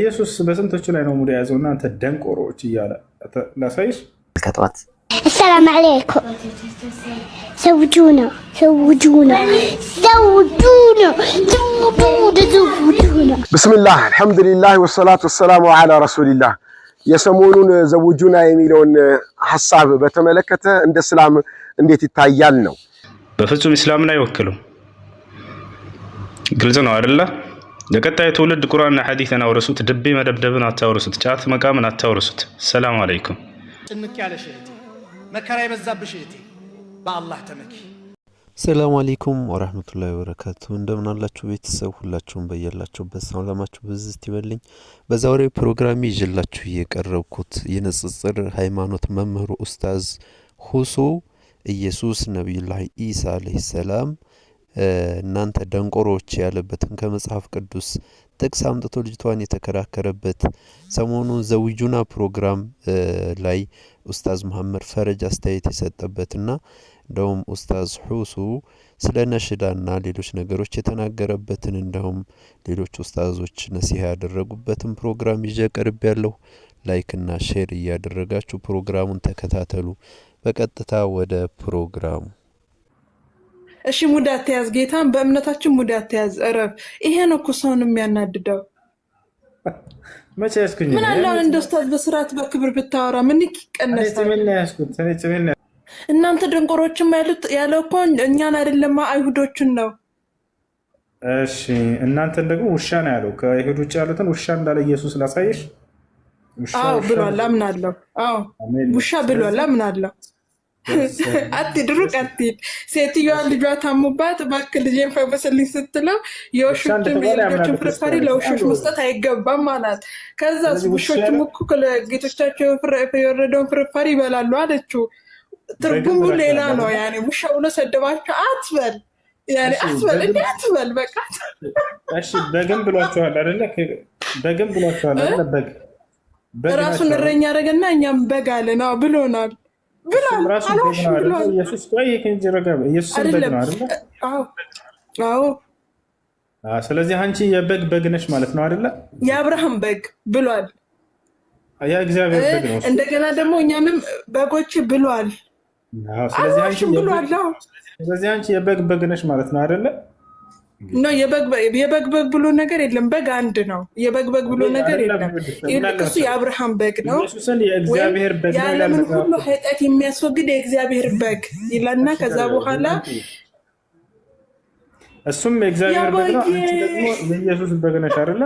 ኢየሱስ በስንቶች ላይ ነው ሙድ የያዘው? እናንተ ደንቆሮዎች እያለ ላሳይሽ። ከጠዋት አሰላም አለይኩም ሰውጁ ነው ሰውጁ ነው ሰውጁ ነው ዘውጁ ነው። ብስምላህ አልሐምዱሊላህ ወሰላቱ ወሰላሙ አላ ረሱሊላህ። የሰሞኑን ዘውጁና የሚለውን ሀሳብ በተመለከተ እንደ እስላም እንዴት ይታያል ነው? በፍጹም ኢስላምን አይወክሉም። ግልጽ ነው አይደለ? ለቀጣይ ትውልድ ቁርአንና ሐዲስን አውርሱት። ድቤ መደብደብን አታውርሱት። ጫት መቃምን አታውርሱት። ሰላም አለይኩም። ጭንቅ ያለሽ እህቴ፣ መከራ የበዛብሽ እህቴ፣ በአላህ ተመኪ። ሰላም አለይኩም ወረህመቱላሂ ወበረካቱ። እንደምን አላችሁ ቤተሰብ ሁላችሁም በያላችሁበት ሰላማችሁ ብዝት ይበልኝ። በዛሬው ፕሮግራም ይዤላችሁ የቀረብኩት የንጽጽር ሃይማኖት መምህሩ ኡስታዝ ሁሱ ኢየሱስ ነቢዩላህ ኢሳ አለይሂ ሰላም እናንተ ደንቆሮዎች ያለበትን ከመጽሐፍ ቅዱስ ጥቅስ አምጥቶ ልጅቷን የተከራከረበት ሰሞኑን ዘዊጁና ፕሮግራም ላይ ኡስታዝ መሐመድ ፈረጅ አስተያየት የሰጠበትና እንደውም ኡስታዝ ሑሱ ስለ ነሽዳና ሌሎች ነገሮች የተናገረበትን እንደውም ሌሎች ኡስታዞች ነሲሀ ያደረጉበትን ፕሮግራም ይዤ ቀርብ ያለሁ። ላይክና ሼር እያደረጋችሁ ፕሮግራሙን ተከታተሉ። በቀጥታ ወደ ፕሮግራሙ እሺ ሙድ አትያዝ፣ ጌታን በእምነታችን ሙድ አትያዝ። እረፍ። ይሄ ነው እኮ ሰውን የሚያናድደው። መቼ ያዝኩኝ? ምን አለውን እንደ ውስታዝ በስርዓት በክብር ብታወራ ምን ይቀነሳል? እናንተ ደንቆሮችም ያሉት ያለው እኮ እኛን አይደለማ አይሁዶችን ነው። እሺ እናንተን ደግሞ ውሻ ነው ያለው። ከአይሁድ ውጭ ያሉትን ውሻ እንዳለ ኢየሱስ ላሳየሽ። አዎ ብሏል፣ አምናለሁ። አዎ ውሻ ብሏል፣ አምናለሁ አትሂድ ሩቅ አትሂድ። ሴትዮዋን ልጇ ታሙባት እባክህ ልጄን ፈውስልኝ ስትለው የውሾችን የልጆችን ፍርፋሪ ለውሾች መስጠት አይገባም አላት። ከዛ ውሾችም እኮ ጌቶቻቸው የወረደውን ፍርፋሪ ይበላሉ አለችው። ትርጉሙ ሌላ ነው። ያኔ ውሻ ብሎ ሰደባቸው አትበል አትበል እንደ አትበል በቃ እሺ። በግን ብሏቸዋል አይደለ? በግን ብሏቸዋል አይደለ? በግ ራሱን እረኛ አደረገና እኛም በግ አለን ብሎናል። ስለዚህ አንቺ የበግ በግ ነሽ ማለት ነው አይደለ? የአብርሃም በግ ብሏል። ያ እግዚአብሔር በግ ነው። እንደገና ደግሞ እኛንም በጎች ብሏል። ስለዚህ አንቺ የበግ በግ ነሽ ማለት ነው አይደለ? የበግበግ ብሎ ነገር የለም። በግ አንድ ነው። የበግበግ ብሎ ነገር የለም። እሱ የአብርሃም በግ ነው። የዓለምን ሁሉ ኃጢአት የሚያስወግድ የእግዚአብሔር በግ ይላልና ከዛ በኋላ እሱም የእግዚአብሔር በግ ነው። የኢየሱስ በግ ነሽ አይደለ?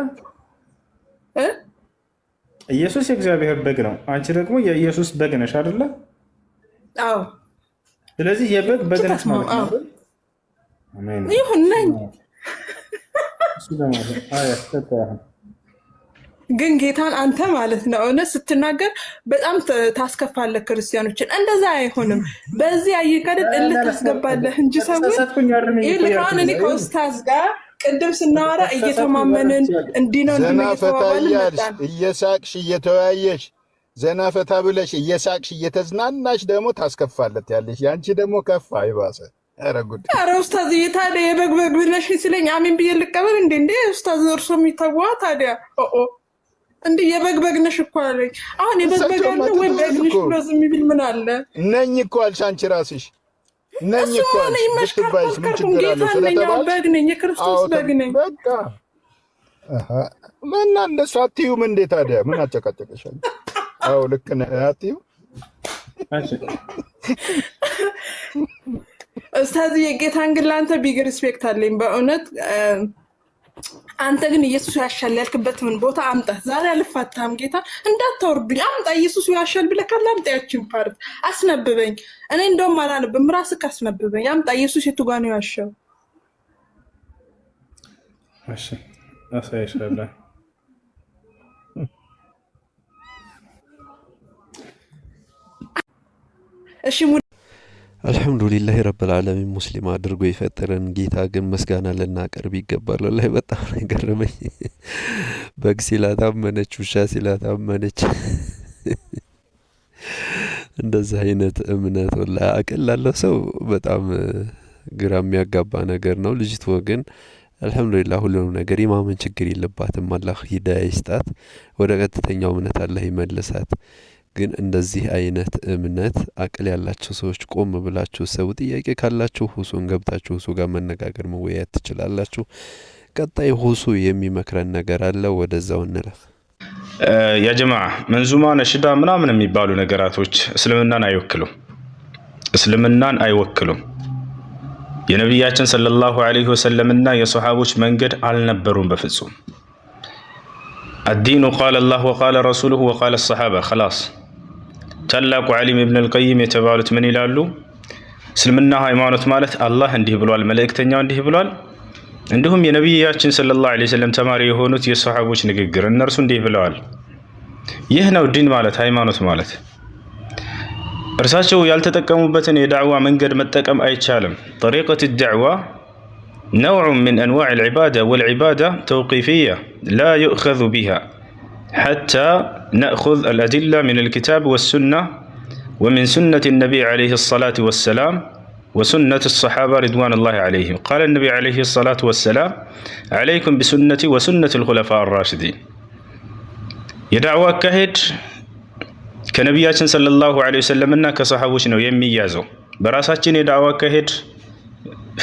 ኢየሱስ የእግዚአብሔር በግ ነው። አንቺ ደግሞ የኢየሱስ በግ ነሽ አይደለ? አዎ። ስለዚህ የበግ በግ ነሽ ማለት ነው። ይሁን ነኝ ግን ጌታን አንተ ማለት ነው እውነት ስትናገር በጣም ታስከፋለህ ክርስቲያኖችን። እንደዛ አይሆንም። በዚህ አይከደድ እልህ ታስገባለህ እንጂ ሰውን ይልሁን እኔ ከውስታዝ ጋር ቅድም ስናወራ እየተማመንን እንዲህ ነው እንዲፈታያል እየሳቅሽ እየተወያየሽ ዘና ፈታ ብለሽ እየሳቅሽ እየተዝናናሽ ደግሞ ታስከፋለት ያለሽ። ያንቺ ደግሞ ከፋ ይባሰ ኧረ ኡስታዝዬ ታዲያ የበግ በግ ብለሽ ሲለኝ አሚን ብዬ ልቀበል እንዴ? እንዴ ኡስታዝ እርሶ የሚታዋ ታዲያ እንደ የበግ በግ ነሽ እኮ አለኝ። አሁን የበግ በግ አለ ወይ በግ ነሽ ብሎ ዝም የሚል ምን አለ? ነኝ እኮ አልሽ አንቺ ራስሽ ነኝ እኮ አልሽ። ብትባይስ ምን ችግር አለ? በግ ነኝ፣ የክርስቶስ በግ ነኝ። በቃ አሃ እንደሱ አትዩም እንዴ ታዲያ ምን አጨቃጨቀሻል? አዎ ልክ ነህ አትዩም። እስታዚ የጌታን ግን ለአንተ ቢግ ሪስፔክት አለኝ በእውነት። አንተ ግን ኢየሱስ ያሻል ያልክበት ምን ቦታ አምጣ። ዛሬ አልፋታም ጌታ እንዳታወርዱኝ አምጣ። ኢየሱስ ያሻል ብለህ ካለ አምጣ። ያችን ፓርት አስነብበኝ። እኔ እንደውም አላነብም፣ ራስህ አስነብበኝ። አምጣ። ኢየሱስ የቱ ጋ ነው ያሻው? አሳይሻለሁ። እሺ አልሐምዱሊላህ ረብል ዓለሚን ሙስሊም አድርጎ የፈጠረን ጌታ ግን ምስጋና ልናቀርብ ይገባል። ላይ በጣም ነው የገረመኝ። በግ ሲላት አመነች፣ ውሻ ሲላት አመነች። እንደዚህ አይነት እምነት ወላ አቅል ላለው ሰው በጣም ግራ የሚያጋባ ነገር ነው። ልጅቷ ግን አልሐምዱሊላህ ሁሉንም ነገር የማመን ችግር የለባትም። አላህ ሂዳያ ይስጣት፣ ወደ ቀጥተኛው እምነት አላህ ይመልሳት። ግን እንደዚህ አይነት እምነት አቅል ያላቸው ሰዎች ቆም ብላችሁ ሰው ጥያቄ ካላችሁ ሁሱን ገብታችሁ ሁሱ ጋር መነጋገር መወያየት ትችላላችሁ። ቀጣይ ሁሱ የሚመክረን ነገር አለ፣ ወደዛው እንለፍ። የጀማ መንዙማ ነሽዳ ምናምን የሚባሉ ነገራቶች እስልምናን አይወክሉም። እስልምናን አይወክሉም። የነቢያችን ሰለላሁ ዐለይሂ ወሰለምና የሰሓቦች መንገድ አልነበሩም በፍጹም አዲኑ ቃለ ላሁ ወቃለ ረሱሉሁ ወቃለ ሰሓባ ላስ ታላቁ ዓሊም ኢብን አልቀይም የተባሉት ምን ይላሉ? እስልምና ሃይማኖት ማለት አላህ እንዲህ ብሏል፣ መልእክተኛው እንዲህ ብሏል፣ እንዲሁም የነቢያችን ሰለላሁ ዐለይሂ ወሰለም ተማሪ የሆኑት የሰሓቦች ንግግር፣ እነርሱ እንዲህ ብለዋል። ይህ ነው ዲን ማለት ሃይማኖት ማለት። እርሳቸው ያልተጠቀሙበትን የዳዕዋ መንገድ መጠቀም አይቻልም። ጠሪቀት ዳዕዋ ነውዑ ሚን አንዋዕ ልዕባዳ ወልዕባዳ ተውቂፍያ ላ ዩእኸዙ ቢሃ حتى نأخذ الأدلة من الكتاب والسنة ومن سنة النبي عليه الصلاة والسلام وسنة الصحابة رضوان الله عليهم قال النبي عليه الصلاة والسلام عليكم بسنتي وسنة الخلفاء الراشدين يدعوا كهد ከነቢያችን ሰለላሁ ዐለይሂ ወሰለምና ከሰሃቦች ነው የሚያዘው። በራሳችን يدعوا كهد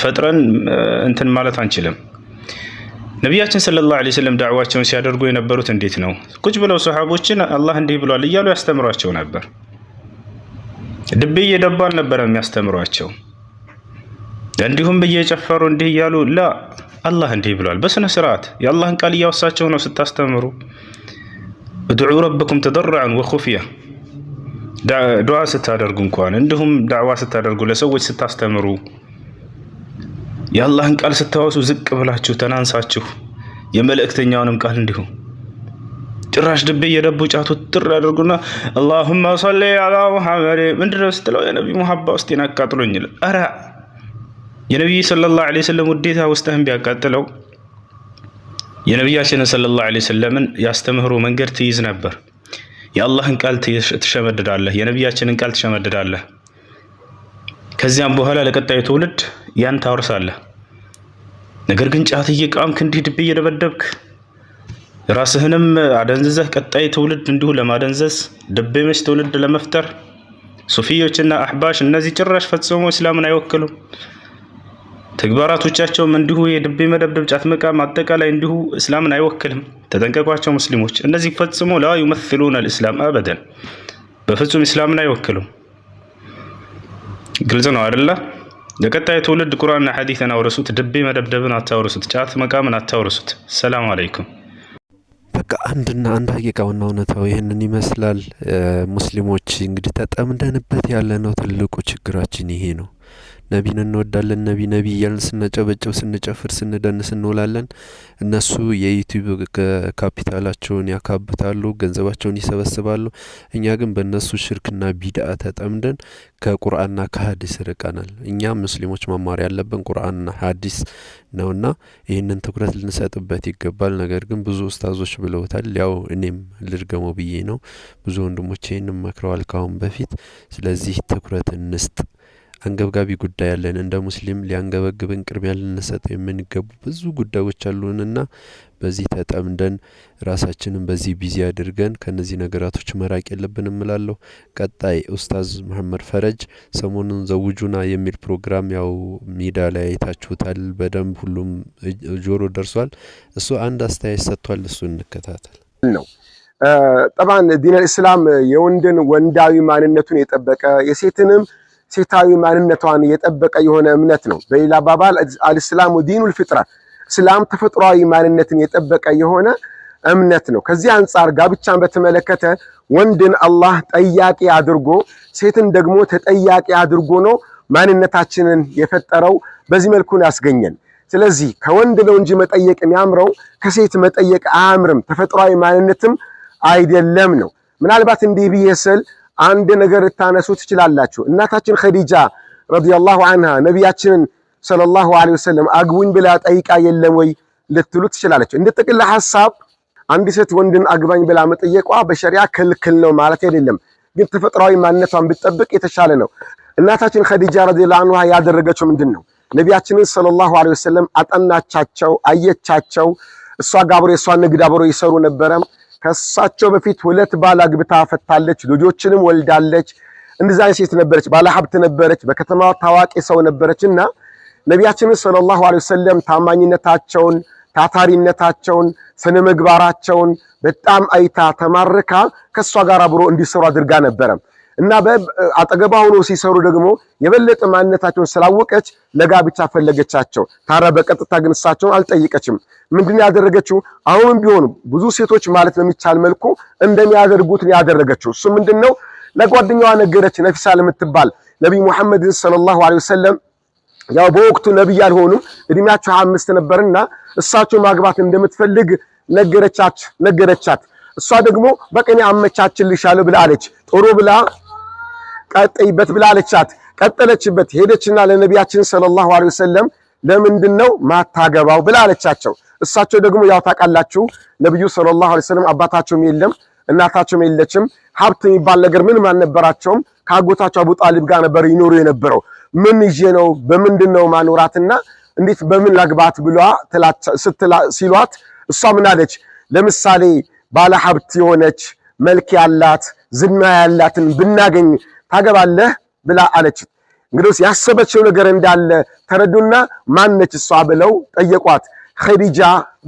ፈጥረን انتن ማለት شلم ነቢያችን ሰለላሁ ዐለይሂ ወሰለም ዳዕዋቸውን ሲያደርጉ የነበሩት እንዴት ነው? ቁጭ ብለው ሰሓቦችን አላህ እንዲህ ብሏል እያሉ ያስተምሯቸው ነበር። ድቤ እየደባ አልነበረም የሚያስተምሯቸው። እንዲሁም እየጨፈሩ እንዲህ እያሉ ላ አላህ እንዲህ ብሏል። በስነ ስርዓት የአላህን ቃል እያወሳቸው ነው ስታስተምሩ። ድዑ ረብኩም ተደረዐን ወኹፍያ ዱዓ ስታደርጉ እንኳን እንዲሁም ዳዕዋ ስታደርጉ ለሰዎች ስታስተምሩ የአላህን ቃል ስታወሱ ዝቅ ብላችሁ ተናንሳችሁ የመልእክተኛውንም ቃል እንዲሁ ጭራሽ ድቤ የደቡ ጫቱ ጥር አድርጉና አላሁማ ሰሊ አላ ሙሐመድ ምንድነው ስትለው የነቢ ሙሀባ ውስጤን አቃጥሎኝ ይል። አረ የነቢዩ ሰለላሁ ዐለይሂ ወሰለም ውዴታ ውስጥህን ቢያቃጥለው የነቢያችንን ሰለላሁ ዐለይሂ ወሰለምን ያስተምህሮ መንገድ ትይዝ ነበር። የአላህን ቃል ትሸመድዳለህ፣ የነቢያችንን ቃል ትሸመድዳለህ። ከዚያም በኋላ ለቀጣዩ ትውልድ ያን ታወርሳለህ። ነገር ግን ጫት እየቃምክ እንዲህ ድብ እየደበደብክ ራስህንም አደንዝዘህ ቀጣይ ትውልድ እንዲሁ ለማደንዘዝ ድብ መች ትውልድ ለመፍጠር ሱፊዮችና አሕባሽ እነዚህ ጭራሽ ፈጽሞ እስላምን አይወክሉም። ተግባራቶቻቸውም እንዲሁ የድቤ መደብደብ፣ ጫት መቃም፣ አጠቃላይ እንዲሁ እስላምን አይወክልም። ተጠንቀቋቸው ሙስሊሞች፣ እነዚህ ፈጽሞ ላ ዩመሲሉን አልእስላም አበደን፣ በፍጹም እስላምን አይወክሉም። ግልጽ ነው አይደለ? ለቀጣይ ትውልድ ቁርአንና ሐዲስን አውርሱት። ድቤ መደብደብን አታውርሱት። ጫት መቃምን አታውርሱት። ሰላም አለይኩም። በቃ አንድና አንድ ሀቂቃውና እውነታው ይህንን ይመስላል። ሙስሊሞች እንግዲህ ተጠምደንበት ያለነው ትልቁ ችግራችን ይሄ ነው። ነቢን እንወዳለን ነቢ ነቢ እያልን ስናጨበጭብ ስንጨፍር ስንደንስ እንውላለን። እነሱ የዩቲዩብ ካፒታላቸውን ያካብታሉ ገንዘባቸውን ይሰበስባሉ። እኛ ግን በእነሱ ሽርክና ቢድአ ተጠምደን ከቁርአንና ከሀዲስ ርቀናል። እኛ ሙስሊሞች መማር ያለብን ቁርአንና ሀዲስ ነውና ይህንን ትኩረት ልንሰጥበት ይገባል። ነገር ግን ብዙ ኡስታዞች ብለውታል። ያው እኔም ልድገመው ብዬ ነው። ብዙ ወንድሞች ይህንን መክረዋል ካሁን በፊት ስለዚህ ትኩረት እንስጥ። አንገብጋቢ ጉዳይ አለን እንደ ሙስሊም ሊያንገበግብን ቅድሚያ ልንሰጠው የምንገቡ ብዙ ጉዳዮች አሉንና በዚህ ተጠምደን ራሳችንን በዚህ ቢዚ አድርገን ከነዚህ ነገራቶች መራቅ የለብን እምላለሁ። ቀጣይ ኡስታዝ መሀመድ ፈረጅ ሰሞኑን ዘውጁና የሚል ፕሮግራም ያው ሜዳ ላይ አይታችሁታል በደንብ ሁሉም ጆሮ ደርሷል። እሱ አንድ አስተያየት ሰጥቷል። እሱ እንከታተል ነው ጠባን ዲን ኢስላም የወንድን ወንዳዊ ማንነቱን የጠበቀ የሴትንም ሴታዊ ማንነቷን የጠበቀ የሆነ እምነት ነው። በሌላ አባባል አልስላሙ ዲኑል ፍጥራ እስላም ተፈጥሯዊ ማንነትን የጠበቀ የሆነ እምነት ነው። ከዚህ አንጻር ጋብቻን በተመለከተ ወንድን አላህ ጠያቂ አድርጎ ሴትን ደግሞ ተጠያቂ አድርጎ ነው ማንነታችንን የፈጠረው። በዚህ መልኩ ነው ያስገኘን። ስለዚህ ከወንድ ነው እንጂ መጠየቅ የሚያምረው ከሴት መጠየቅ አያምርም፣ ተፈጥሯዊ ማንነትም አይደለም ነው። ምናልባት እንዲህ ብዬ ስል አንድ ነገር ልታነሱ ትችላላችሁ። እናታችን ኸዲጃ ረዲየላሁ አንሃ ነቢያችንን ሰለላሁ ዐለይሂ ወሰለም አግቡኝ ብላ ጠይቃ የለም ወይ ልትሉ ትችላለች። እንደ ጥቅል ሐሳብ አንድ ሴት ወንድን አግባኝ ብላ መጠየቋ በሸሪያ ክልክል ነው ማለት አይደለም፣ ግን ተፈጥሯዊ ማንነቷን ብትጠብቅ የተሻለ ነው። እናታችን ኸዲጃ ረዲየላሁ አንሃ ያደረገችው ምንድን ነው? ነቢያችንን ሰለላሁ ዐለይሂ ወሰለም አጠናቻቸው፣ አየቻቸው። እሷ ጋብሮ የእሷ ንግድ አብሮ ይሰሩ ነበረ። ከሳቸው በፊት ሁለት ባል አግብታ ፈታለች፣ ልጆችንም ወልዳለች። እንደዚያ ሴት ነበረች፣ ባለ ሀብት ነበረች፣ በከተማ ታዋቂ ሰው ነበረች እና ነቢያችንን ሰለላሁ ዐለይሂ ወሰለም ታማኝነታቸውን፣ ታታሪነታቸውን፣ ስነ ምግባራቸውን በጣም አይታ ተማርካ ከእሷ ጋር አብሮ እንዲሰሩ አድርጋ ነበረ። እና አጠገቧ ሆኖ ሲሰሩ ደግሞ የበለጠ ማንነታቸውን ስላወቀች ለጋብቻ ፈለገቻቸው። ታዲያ በቀጥታ ግን እሳቸውን አልጠየቀችም። ምንድን ያደረገችው? አሁንም ቢሆን ብዙ ሴቶች ማለት በሚቻል መልኩ እንደሚያደርጉት ያደረገችው እሱ ምንድን ነው? ለጓደኛዋ ነገረች። ነፊሳ ለምትባል ነቢይ ሙሐመድ ሰለላሁ ዐለይሂ ወሰለም ያው በወቅቱ ነቢይ አልሆኑም እድሜያቸው አምስት ነበርና እሳቸው ማግባት እንደምትፈልግ ነገረቻት ነገረቻት። እሷ ደግሞ በቀኔ አመቻችልሻለሁ ብላ አለች። ጥሩ ብላ ቀጥይበት ብላ አለቻት። ቀጠለችበት። ሄደችና ለነቢያችን ሰለላሁ ዐለይሂ ወሰለም ለምንድን ነው ማታገባው ብላ አለቻቸው። እሳቸው ደግሞ ያው ታውቃላችሁ ነብዩ ሰለላሁ ዐለይሂ ወሰለም አባታቸውም የለም እናታቸውም የለችም። ሀብት የሚባል ነገር ምንም አልነበራቸውም። ከአጎታቸው አቡ ጣሊብ ጋር ነበር ይኖሩ የነበረው። ምን ይዤ ነው በምንድን ነው ማኖራትና እንዴት በምን ላግባት ብሏ ሲሏት እሷ ምን አለች? ለምሳሌ ባለ ሀብት የሆነች መልክ ያላት ዝና ያላትን ብናገኝ ታገባለህ ብላ አለች እንግዲህ ያሰበችው ነገር እንዳለ ተረዱና ማነች እሷ ብለው ጠየቋት። ኸዲጃ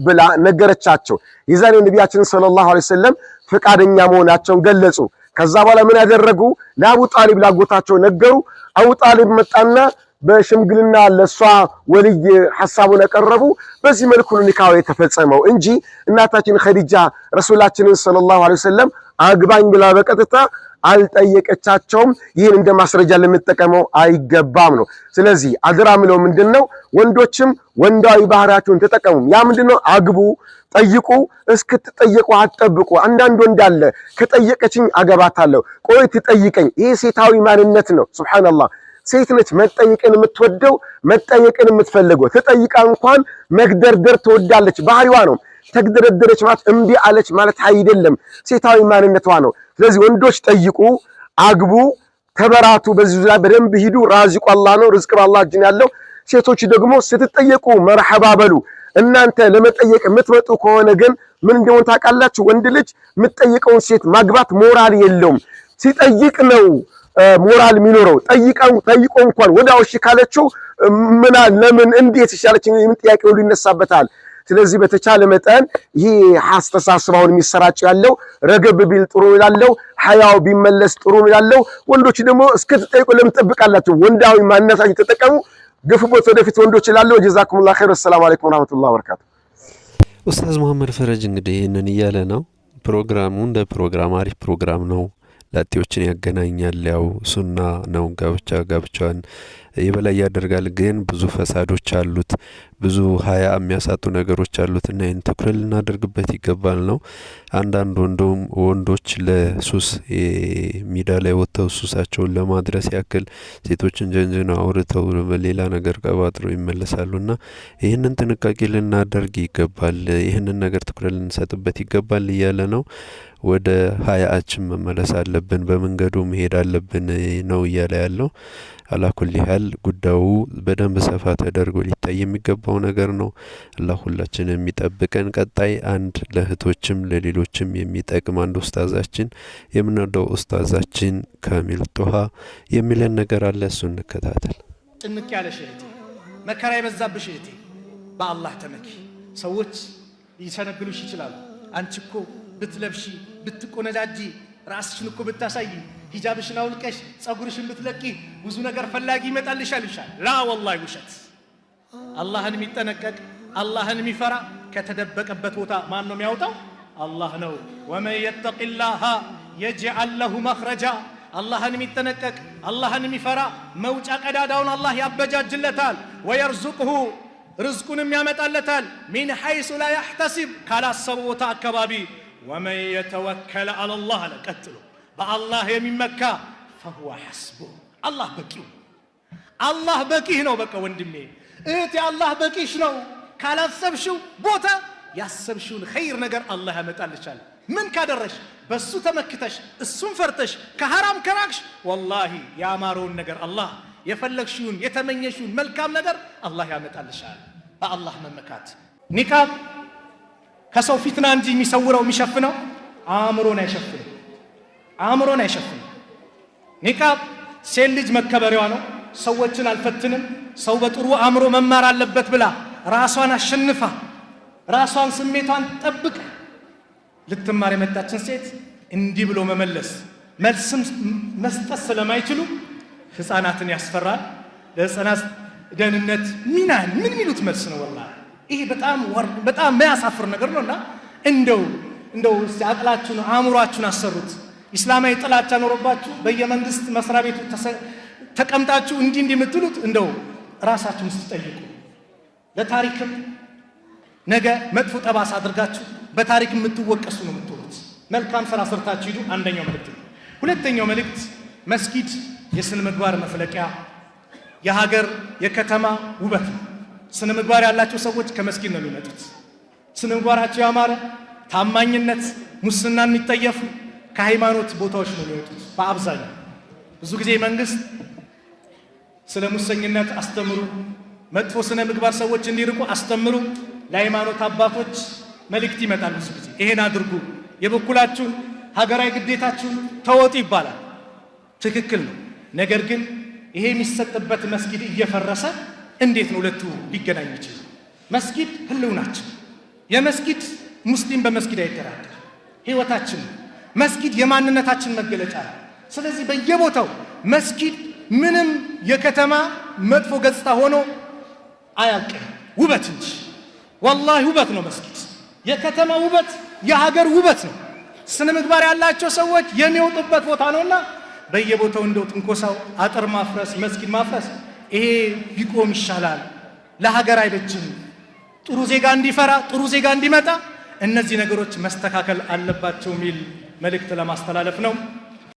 ብላ ነገረቻቸው። የዛኔ ነቢያችን ሰለላሁ ዐለይሂ ወሰለም ፈቃደኛ መሆናቸውን ገለጹ። ከዛ በኋላ ምን ያደረጉ ለአቡ ጣሊብ ላጎታቸው ነገሩ። አቡ ጣሊብ መጣና በሽምግልና ለሷ ወልይ ሐሳቡን ያቀረቡ። በዚህ መልኩ ነው ኒካው የተፈጸመው እንጂ እናታችን ኸዲጃ ረሱላችንን ሰለላሁ ዐለይሂ ወሰለም አግባኝ ብላ በቀጥታ አልጠየቀቻቸውም። ይህን እንደ ማስረጃ ልንጠቀመው አይገባም ነው። ስለዚህ አደራ ምለው ምንድን ነው? ወንዶችም ወንዳዊ ባህሪያቸውን ተጠቀሙ። ያ ምንድን ነው? አግቡ፣ ጠይቁ፣ እስክትጠየቁ አትጠብቁ። አንዳንድ ወንድ አለ ከጠየቀችኝ አገባታለሁ፣ ቆይ ትጠይቀኝ። ይሄ ሴታዊ ማንነት ነው። ሱብሃነላህ ሴት ነች መጠየቅን የምትወደው መጠየቅን የምትፈልገው። ተጠይቃ እንኳን መግደርደር ትወዳለች፣ ባህሪዋ ነው። ተግደረደረች ማለት እምቢ አለች ማለት አይደለም። ሴታዊ ማንነቷ ነው። ስለዚህ ወንዶች ጠይቁ፣ አግቡ፣ ተበራቱ፣ በዚህ ዙሪያ በደንብ ሂዱ። ራዚቁ አላህ ነው፣ ርዝቅ በአላህ እጅ ነው ያለው። ሴቶች ደግሞ ስትጠየቁ መርሐባ በሉ። እናንተ ለመጠየቅ የምትመጡ ከሆነ ግን ምን እንደሆነ ታውቃላችሁ። ወንድ ልጅ የምትጠይቀውን ሴት ማግባት ሞራል የለውም። ሲጠይቅ ነው ሞራል የሚኖረው። ጠይቀው ጠይቆ እንኳን ወዳውሽ እሺ ካለችው ምናል ለምን እንዴት ይሻለች? ምን ጥያቄ ሁሉ ይነሳበታል። ስለዚህ በተቻለ መጠን ይህ አስተሳሰብ አሁን የሚሰራጭ ያለው ረገብ ቢል ጥሩ ይላለው፣ ሀያው ቢመለስ ጥሩ ይላለው። ወንዶች ደግሞ እስክትጠይቁ ለምን ትጠብቃላችሁ? ወንዳዊ ማንነታችሁ ተጠቀሙ። ግፉበት ወደፊት ወንዶች ይላለው። ጀዛኩሙላ ኸይር። ወሰላሙ አለይኩም ወራህመቱላሂ ወበረካቱ። ኡስታዝ መሐመድ ፈረጅ እንግዲህ ይህንን እያለ ነው። ፕሮግራሙ እንደ ፕሮግራም አሪፍ ፕሮግራም ነው። ላጤዎችን ያገናኛል። ያው ሱና ነው ጋብቻ ጋብቻን የበላይ ያደርጋል፣ ግን ብዙ ፈሳዶች አሉት፣ ብዙ ሀያ የሚያሳጡ ነገሮች አሉት እና ይህን ትኩረት ልናደርግበት ይገባል ነው። አንዳንድ ወንዶም ወንዶች ለሱስ ሜዳ ላይ ወጥተው ሱሳቸውን ለማድረስ ያክል ሴቶችን ጀንጅን አውርተው በሌላ ነገር ቀባጥሮ ይመለሳሉ እና ይህንን ጥንቃቄ ልናደርግ ይገባል፣ ይህንን ነገር ትኩረት ልንሰጥበት ይገባል እያለ ነው። ወደ ሀያአችን መመለስ አለብን በመንገዱ መሄድ አለብን ነው እያለ ያለው። አላኩል ያህል ጉዳዩ በደንብ ሰፋ ተደርጎ ሊታይ የሚገባው ነገር ነው። አላህ ሁላችን የሚጠብቀን። ቀጣይ አንድ ለእህቶችም ለሌሎችም የሚጠቅም አንድ ኡስታዛችን የምንወደው ኡስታዛችን ካሚል ጦሃ የሚለን ነገር አለ። እሱ እንከታተል። ጭንቅ ያለሽ እህቴ፣ መከራ የበዛብሽ እህቴ፣ በአላህ ተመኪ። ሰዎች ሊሰነግሉሽ ይችላሉ። አንቺ እኮ ብትለብሺ ብትቆነጃጂ ራስሽን እኮ ብታሳይ ሂጃብሽን አውልቀሽ ጸጉርሽን ብትለቂ ብዙ ነገር ፈላጊ ይመጣልሻል ይሻል። ላ ወላሂ ውሸት። አላህን የሚጠነቀቅ አላህን የሚፈራ ከተደበቀበት ቦታ ማን ነው የሚያወጣው? አላህ ነው። ወመን የተቂላሃ የጅዓል ለሁ መኽረጃ። አላህን የሚጠነቀቅ አላህን የሚፈራ መውጫ ቀዳዳውን አላህ ያበጃጅለታል። ወየርዙቅሁ ርዝቁንም ያመጣለታል። ሚን ሐይሱ ላ ያሕተሲብ ካላሰበ ቦታ አካባቢ ወመን የተወከለ አለላህ አለ ቀጥሎ በአላህ የሚመካ ፈሁወ ሐስቡ አላህ በቂው አላህ በቂህ ነው በቃ ወንድሜ እህት የአላህ በቂሽ ነው ካላሰብሽው ቦታ ያሰብሽውን ኸይር ነገር አላህ ያመጣልሻል ምን ካደረሽ በሱ ተመክተሽ እሱን ፈርተሽ ከሐራም ከራቅሽ ወላሂ ያማረውን ነገር አላህ የፈለግሽውን የተመኘሽውን መልካም ነገር አላህ ያመጣልሻል በአላህ መመካት ኒካብ ከሰው ፊትና እንጂ የሚሰውረው የሚሸፍነው አእምሮን አይሸፍንም። አእምሮን አይሸፍንም። ኒቃብ ሴት ልጅ መከበሪያዋ ነው። ሰዎችን አልፈትንም፣ ሰው በጥሩ አእምሮ መማር አለበት ብላ ራሷን አሸንፋ ራሷን ስሜቷን ጠብቅ ልትማር የመጣችን ሴት እንዲህ ብሎ መመለስ መልስም መስጠት ስለማይችሉ ህፃናትን ያስፈራል። ለህፃናት ደህንነት ሚና ምን ሚሉት መልስ ነው ወላ ይሄ በጣም በጣም የሚያሳፍር ነገር ነው እና እንደው እንደው አቅላችሁን አእምሯችሁን አሰሩት። ኢስላማዊ ጥላቻ ኖሮባችሁ በየመንግስት መስሪያ ቤቱ ተቀምጣችሁ እንዲህ እንዲህ የምትሉት እንደው ራሳችሁን ስትጠይቁ ለታሪክም ነገ መጥፎ ጠባሳ አድርጋችሁ በታሪክ የምትወቀሱ ነው የምትሆኑት። መልካም ስራ ሰርታችሁ ሂዱ። አንደኛው መልእክት ነው። ሁለተኛው መልእክት መስጊድ የስነ ምግባር መፍለቂያ፣ የሀገር የከተማ ውበት ነው። ስነ ምግባር ያላቸው ሰዎች ከመስጊድ ነው የሚመጡት። ስነ ምግባራቸው ያማረ፣ ታማኝነት፣ ሙስናን የሚጠየፉ ከሃይማኖት ቦታዎች ነው የሚወጡት። በአብዛኛው ብዙ ጊዜ መንግስት ስለ ሙሰኝነት አስተምሩ፣ መጥፎ ስነ ምግባር ሰዎች እንዲርቁ አስተምሩ፣ ለሃይማኖት አባቶች መልእክት ይመጣል። ብዙ ጊዜ ይሄን አድርጉ፣ የበኩላችሁን ሀገራዊ ግዴታችሁን ተወጡ ይባላል። ትክክል ነው። ነገር ግን ይሄ የሚሰጥበት መስጊድ እየፈረሰ እንዴት ነው ሁለቱ ሊገናኝ ይችላል? መስጊድ ህልውናችን፣ የመስጊድ ሙስሊም በመስጊድ አይደራደር ህይወታችን፣ መስጊድ የማንነታችን መገለጫ ነው። ስለዚህ በየቦታው መስጊድ ምንም የከተማ መጥፎ ገጽታ ሆኖ አያልቅም፣ ውበት እንጂ ወላሂ ውበት ነው መስጊድ። የከተማ ውበት የሀገር ውበት ነው። ስነ ምግባር ያላቸው ሰዎች የሚወጡበት ቦታ ነውና በየቦታው እንደው ትንኮሳው፣ አጥር ማፍረስ፣ መስጊድ ማፍረስ ይሄ ቢቆም ይሻላል፣ ለሀገር አይበጅም። ጥሩ ዜጋ እንዲፈራ፣ ጥሩ ዜጋ እንዲመጣ እነዚህ ነገሮች መስተካከል አለባቸው የሚል መልእክት ለማስተላለፍ ነው።